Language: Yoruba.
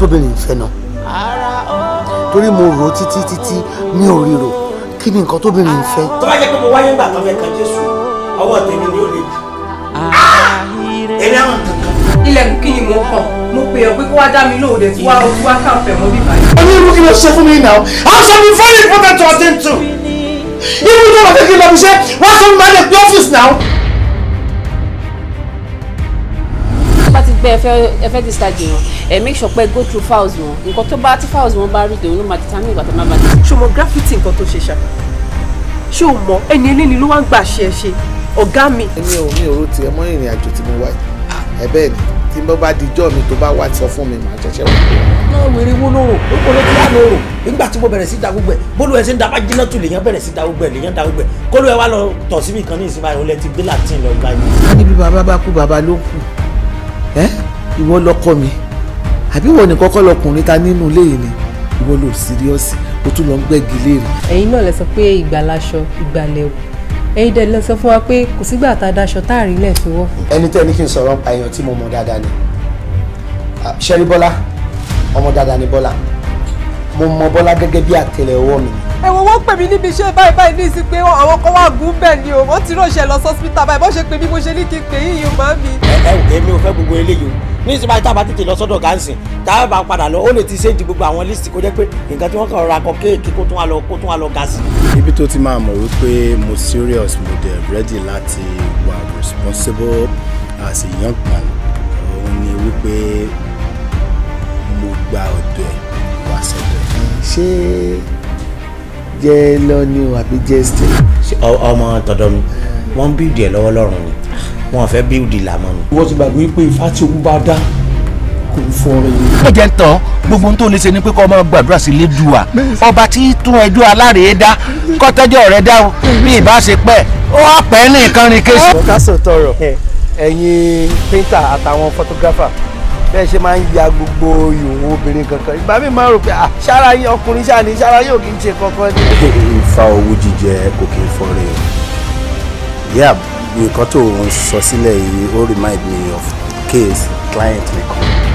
tóbìnrin ìfẹ́ náà torí mo rò títí títí mi ò ríro kí ni nǹkan tóbìnrin ìfẹ́. tó bá jẹ́ pé mo wáyé ńgbà tó fẹ́ kan jésù ọwọ́ tèmi ni ó lè jù èmi àwọn kankan. ilẹ̀kùn kí ni mo kàn mo pè ọ́ pé kó wá dá mi lóòdẹ tí wàá ojú wá káfẹ́ mọ́ bí báyìí. ó ní ṣe fún mi náà i'm sorry very important to attend to. irú tó wà kékeré lọ́bi ṣe wá sọ fún mi máa dé pé ọ́fíìsì náà. pé ẹ fẹ́ ẹ fẹ́ discharge wọn ẹ make sure pé go through files wọn nǹkan tó bá tí files wọn bá rí dòun ló máa determine ìgbà tó máa bá dé. ṣé o mọ graffiti nǹkan tó ṣe ṣá ṣé o mọ ẹni eléni ló wá ń gbà ṣe ẹ ṣe ọ̀gá mi. èmi ò mi ò rò tiẹ̀ mọ́ ìrìn àjò tí mo wá yìí ẹ bẹ́ẹ̀ ni tí mo bá dijọ́ mi tó bá wá sọ fún mi màá ṣẹ̀ṣẹ̀ wá. náà wèrè wo ló rò ó kò ló ti wá ló rò nígbà tí mo bẹ̀rẹ̀ sí da gbogbo ẹ̀ bólú ẹ̀ ṣe ń dabá jiná tù lèyàn bẹ̀rẹ̀ sí da gbogbo ẹ̀ lèyàn da gbogbo ẹ̀ kólú ẹ̀ wá lọ tọ̀ síbi kan ní ìsinmi ayọ̀ lẹ́ ti gbé latin lọ gba yìí. níbi bàbá bá kú bàbá ló kù ẹ ìwọ lọkọ mi àbí ìwọ nìkan kọ́ lọkùnrin ta nínú ilé yìí ni ìwọ ló síríọ́sì o tún lọ ń gbẹ́gi léèrè. ẹ̀yin náà lẹ sọ pé ìgbà laṣọ ìgbà lẹ̀wù ẹ̀yin dẹ̀ lẹ sọ fún wa pé kò sígbà tá a daṣọ tá a rí lẹ̀ fi wọ́. ẹni tẹ́ ni kí n sọ̀rọ̀ ń pa èèyàn tí mo mọ̀ dáadáa ni ṣẹ́rí bọ́lá ọmọ dáadáa ni bọ́lá mo mọ Bọ́lá gẹ́gẹ́ bí àtẹ́lẹwọ́ mi. ẹ̀wọ̀n wọ́n pè mí níbi iṣẹ́ báyìí báyìí ní ìsìn pé àwọn kan wà gún bẹ́ẹ̀ ni o wọ́n ti ránṣẹ́ lọ sọ́sítà báyìí bó ṣe pè mí mo ṣe ní kí n pè yíyún màá mi. ẹ ẹ èmi ò fẹ́ gbogbo eléyìí o ní ìsìn báyìí tábà tètè lọ sọ́dọ̀ gánsìn tábà bá padà lọ ó lè ti ṣéǹdì gbogbo àwọn lísì kó jẹ́ pé nǹkan tí wọ́n kàn ra kọ kéèkì kó tún wá lọ kó tún wá lọ ga a man òun ni wípé ṣé jẹ́ lọ́ni o àbí jẹ́ stay. ọmọ tọ̀dọ̀ mi hmm. wọ́n ń bíìdì ẹ̀ lọ́wọ́ lọ́rùn ni wọ́n fẹ́ bíìdì làmọ́ mi. wọ́n ti gbàgbé pé ìfá tí ogun bá dá kò ń fọ́ rẹ̀. ó jẹ́ tán gbogbo ohun tó lè ṣe ni pé kó ọmọ gbàdúrà sí lẹ́dùá ọba tí tún ẹjọ́ alárèé dá kọ́tẹ́jọ́ rẹ̀ dá o bí ìbá ṣe pẹ́ ó wá pẹ́ ní ìkànnì kéṣù. ọ̀ká sòtọ̀rọ̀ ẹ̀yin píńtà àtàwọn fọ́tógráfà bẹ́ẹ̀ ṣe máa ń ya gbogbo ìwò obìnrin kankan ìgbà máa ń rò pé ṣára yín ọkùnrin ṣáà ní ṣára yóò kí n ṣe kankan ní. ìfa owó jíjẹ kò kí n fọre yíyá nǹkan tó ń sọ sílẹ̀ yìí ó remind me of case client mi